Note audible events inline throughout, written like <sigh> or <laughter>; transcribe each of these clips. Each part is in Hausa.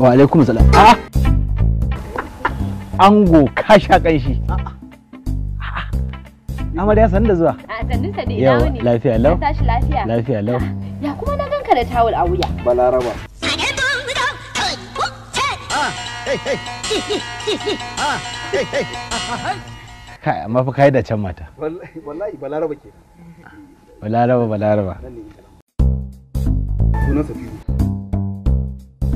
wa alaikum salam a ah! ango ka sha kanshi amarya san da zuwa a sanin sa ne yawo ne lafiya lau tashi lafiya lafiya lau ya kuma na ganka da tawul a wuya balaraba ah, ah, kai amma fa kai da can mata wallahi balaraba ke balaraba balaraba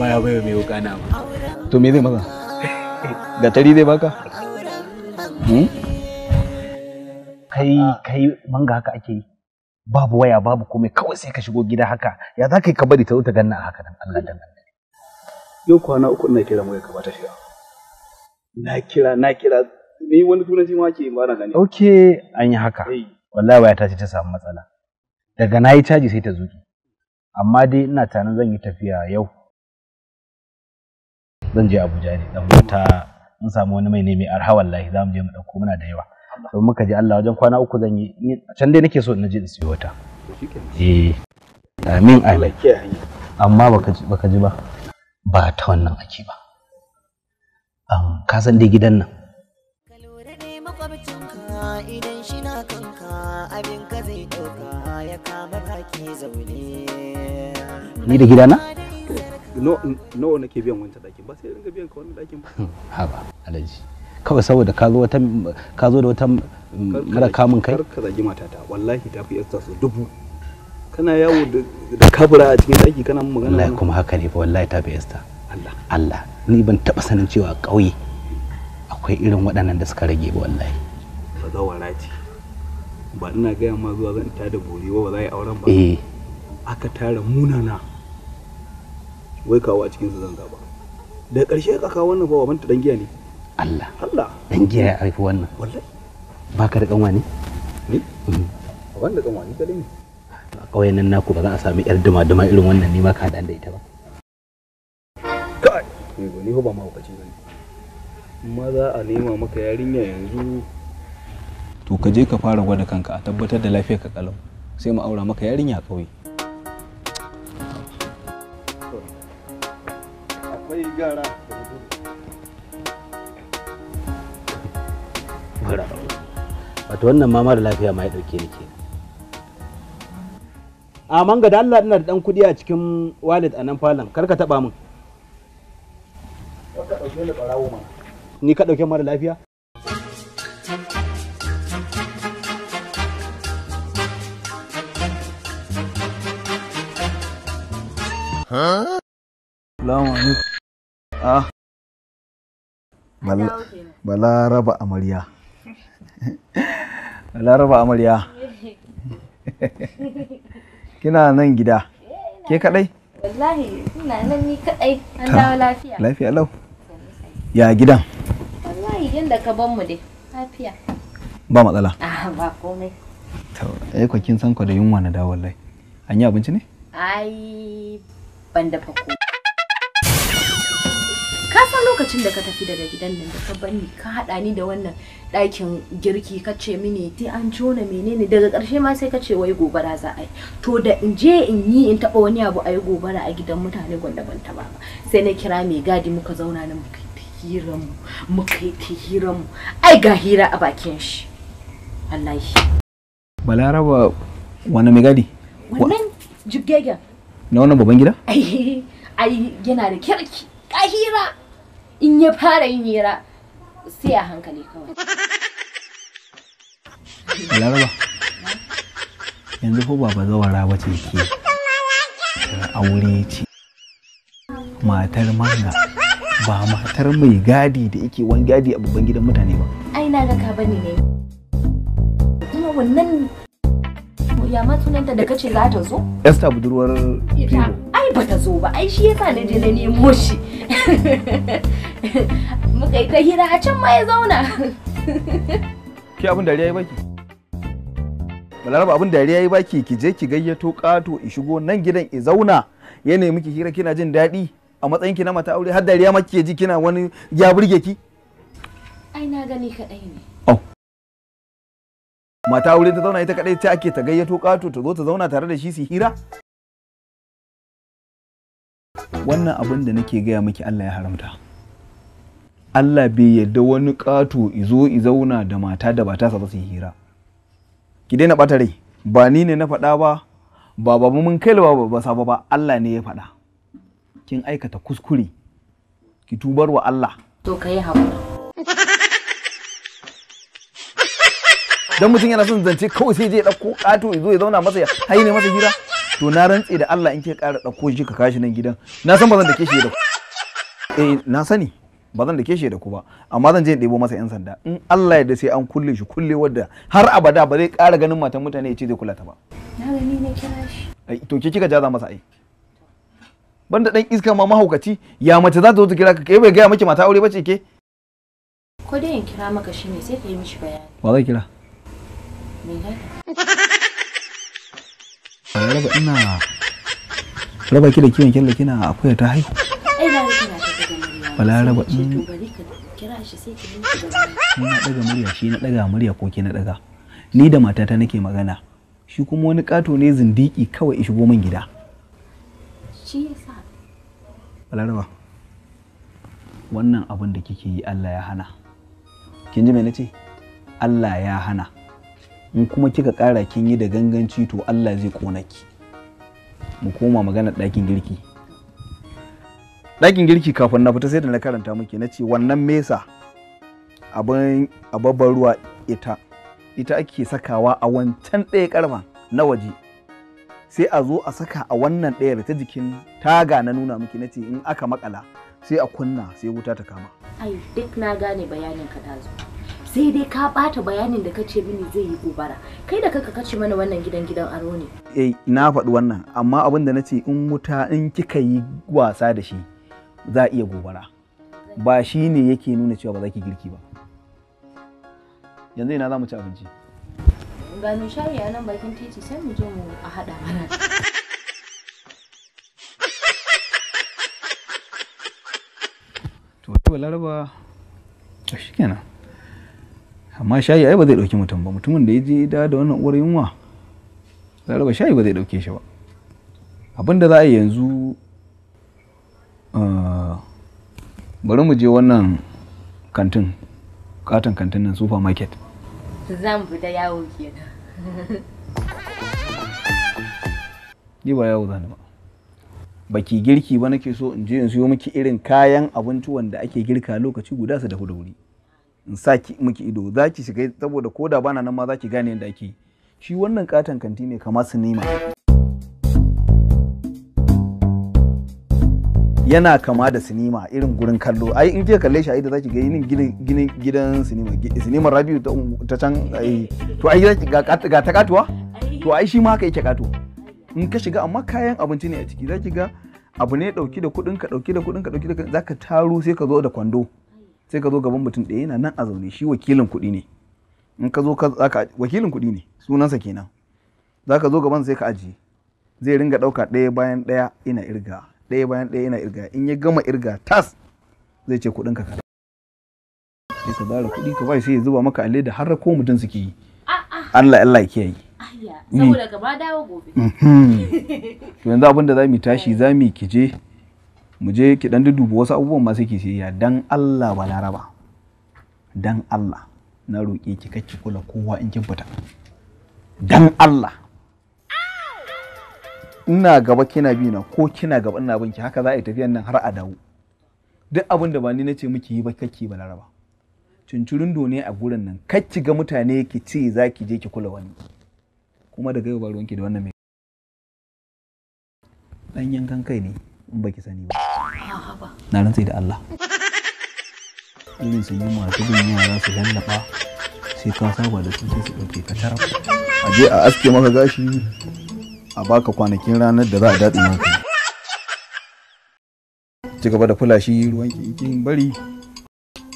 baya baiwa mai wuka na ba to me zai maka gatari zai baka hmm? kai kai manga haka ake yi babu waya babu komai kawai sai ka shigo gida haka ya za ka yi ka bari ta wuta ganna a haka dan Allah dan Allah yau kwana uku ina kira mu ya kamata shiga. na kira na kira ni wani turanci ma ke ba na gani okay an yi haka wallahi waya ta ce ta samu matsala daga na yi caji sai ta zuki amma dai ina tunanin zan yi tafiya yau zan je Abuja ne dan ta mun samu wani mai ne mai arha wallahi za mu je mu dauko muna da yawa to muka je Allah wajen kwana uku zan yi can dai nake so na je in siyo wata eh amin amin amma baka baka ji ba ba ta wannan ake ba um, ka san dai gidan nan idan shi na da gidana nawa nake biyan wancan dakin ba sai ringa biyan ka wani dakin ba hmm, haba alaji kawai saboda ka zo wata ka zo da wata mara kamun kai ka zagi matata wallahi ta fi yasta su dubu kana yawo da kabura a cikin daki, kana magana wallahi kuma haka ne fa wallahi ta fi yasta Allah Allah ni ban taba sanin cewa ƙauye akwai irin waɗannan da suka rage ba wallahi ba za zawara ce ba ina gaya ma zuwa zan ta da bori ba ba za a yi auren ba eh. aka tara munana wai kawo a su zan zaba da ƙarshe ka kawo wannan bawa banta dangiya ne Allah Allah dangiya ya haifi wannan wallahi ba ka da kanwa ne ni wanda mhm. kanwa ni kadai ne a kawai nan naku ba za a sami yar duma-duma irin wannan ne ma ka da ita ba kai ni ba ma ba amma za a nema maka yarinya yanzu to ka je ka fara gwada kanka a tabbatar da lafiyar ka kalau sai mu aura maka yarinya kawai yara wato wannan ma mara lafiya ma ya dauke ni ke a manga da Allah ina da dan kudi a cikin wallet a nan falon kar ka taba min ni ka dauke mara lafiya Huh? Salamu alaikum. Ah. balaraba amarya <laughs> balaraba amarya <laughs> kina nan gida ke kadai wallahi ina nan ni kadai an dawo lafiya lafiya lau ya gidan wallahi yanda ka ban mu dai lafiya ba matsala ah ba komai to eh ko kin san ko da yunwa na dawo wallahi an yi abinci ne ai ban da fako lokacin da ka tafi daga gidan nan da ka bani ka hada ni da wannan ɗakin girki ka ce mini ti an jona menene daga ƙarshe ma sai ka ce wai gobara za a yi to da in je in yi in taɓa wani abu a yi gobara a gidan mutane gwanda ban taba ba sai na kira mai gadi muka zauna na muka yi hiranmu muka yi ai ga hira a bakin shi wallahi balaraba wannan mai gadi wannan jibgegen na wannan babban gida ai yana da kirki ka hira in ya fara yin hira sai a hankali kawai laraba yanzu ko baba zawara ba ce ke aure ce matar manga ba matar mai gadi da yake wani gadi a babban gidan mutane ba ai na ga ka bane ne kuma wannan ya ma sunanta da kace za ta zo esta budurwar ai ba ta zo ba ai shi yasa na je na nemo shi <laughs> <laughs> muka yi ta hira a can ma ya zauna ki abin dariya ya baki balaraba abin dariya ya baki ki je ki gayyato kato i shigo nan gidan i zauna ya nemi ki hira kina jin daɗi a matsayin ki na mata aure har dariya ma kike ji kina wani ya burge ki ai na gani kaɗai ne oh. mata aure ta zauna ita kadai ta ake ta gayyato kato ta zo ta zauna tare da shi su hira wannan abin da nake gaya miki Allah ya haramta Allah bai yadda wani ƙato izo zauna da mata da ba tasa ba su hira ki daina ɓata rai ba ni ne na faɗa ba ba ba mun kai ba ba sa ba Allah ne ya faɗa kin aikata kuskure ki tubar wa Allah to ka yi dan mutum yana son zance kawai sai je ya ɗauko ƙato izo ya zauna masa ya haine masa hira to na rantse da Allah in ke ƙara ɗauko shi ka kashi nan gidan na san ba zan da ke shi da eh na sani ba zan da shi da ku ba amma zan je ɗebo masa yan sanda in Allah ya da sai an kulle shi kulle wadda har abada ba zai ƙara ganin matan mutane ya ce zai kula ta ba na gani ne kira shi to ke kika jaza masa ai banda dan iska ma mahaukaci ya mace za ta zo ta kira ka kai bai gaya miki mata aure bace ke ko dai in kira maka shi ne sai ka yi mishi bayani Ba zai kira me raba ina raba ki da kiwon da kina akuya ta haihu ai ba kira. balaraba in mm. na daga murya shi na daga murya ko na daga ni da matata nake magana shi kuma wani kato ne zindiki kawai ya shigo min gida shi yasa balaraba wannan abin da kike yi Allah ya hana kin ji me nace Allah ya hana in kuma kika ƙara kin yi da ganganci to Allah zai ƙona ki mu koma maganar ɗakin girki ɗakin girki kafin na fita sai da na karanta muke na ce wannan mesa abin ababban ruwa ita ita ake sakawa a wancan ɗaya karma na waje sai a zo a saka a wannan da ta jikin taga na nuna muke na ce in aka makala sai a kunna sai wuta ta kama ai duk na gane bayanin ka ta zo sai dai ka bata bayanin da kace mini zai yi gobara kai da kaka kace mana wannan gidan gidan aro ne eh na faɗi wannan amma abin da nace in wuta in kika yi wasa da shi za a iya gobara ba shi ne yake nuna cewa ba za ki girki ba yanzu ina za mu ci abinci ga shari shayi a nan bakin titi sai mu je mu a hada mana to to laraba to shikenan amma shayi ai ba zai ɗauki mutum ba mutumin da ya je da da wannan uwar yunwa laraba shayi ba zai ɗauke shi ba abinda za a yi yanzu Ah, bari mu je wannan kantin katon kantin nan supermarket zan bude yawo kenan ni ba yawo zan ba baki girki ba nake so in je in siyo miki irin kayan abinci wanda ake girka lokaci guda su dafu da wuri in sa miki ido zaki ki shiga saboda koda bana nan ma zaki gane yadda ake shi wannan katon kanti mai kama sinima yana kama da sinima irin gurin kallo ai in kika kalle shi ai da zaki ga yinin gidan sinima sinima Rabiu ta can ai to ai ga ta katuwa to ai shi ma haka ke katuwa in ka shiga amma kayan abinci ne a ciki zaki ga abu ne dauki da kudin ka dauki da kudin ka dauki da kudin zaka taro sai ka zo da kwando sai ka zo gaban mutum ɗaya yana nan a zaune shi wakilin kudi ne in ka zo zaka wakilin kudi ne sunansa kenan zaka zo gaban sai ka ajiye zai ringa dauka daya bayan daya ina irga ɗaya bayan ɗaya yana irga in ya gama irga tas zai ce kuɗin ka kaza sai ka bayar kuɗi ka bai sai ya zuba maka alle da har ko mutum suke yi Allah Allah yi mm. saboda gaba dawo gobe to mhm. <laughs> yanzu abin da zamu tashi zamu ki je mu je ki dan duduba wasu abubuwan ma sai ki dan Allah ba laraba dan Allah na roƙe ki kacci kula kowa in kin fita dan Allah ina gaba kina bi na ko kina gaba ina bin ki haka za a yi tafiyan nan har a dawo duk abin da ba ni nace miki yi ba kake ba laraba cincirin ne a gurin nan ki ga mutane ki ce za ki je ki kula wani kuma daga yau ba ruwanki da wannan mai dan yankan kai ne in ba ki sani ba na rantsi da Allah irin su yi masu bin za su lallaba sai ka saba da su sai su ɗauke ka taraf a je a aske maka gashi a baka kwanakin ranar da za a daɗi maka ci gaba da fulashi ruwan kinkin bari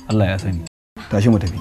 Allah ya sani tashi mu tafi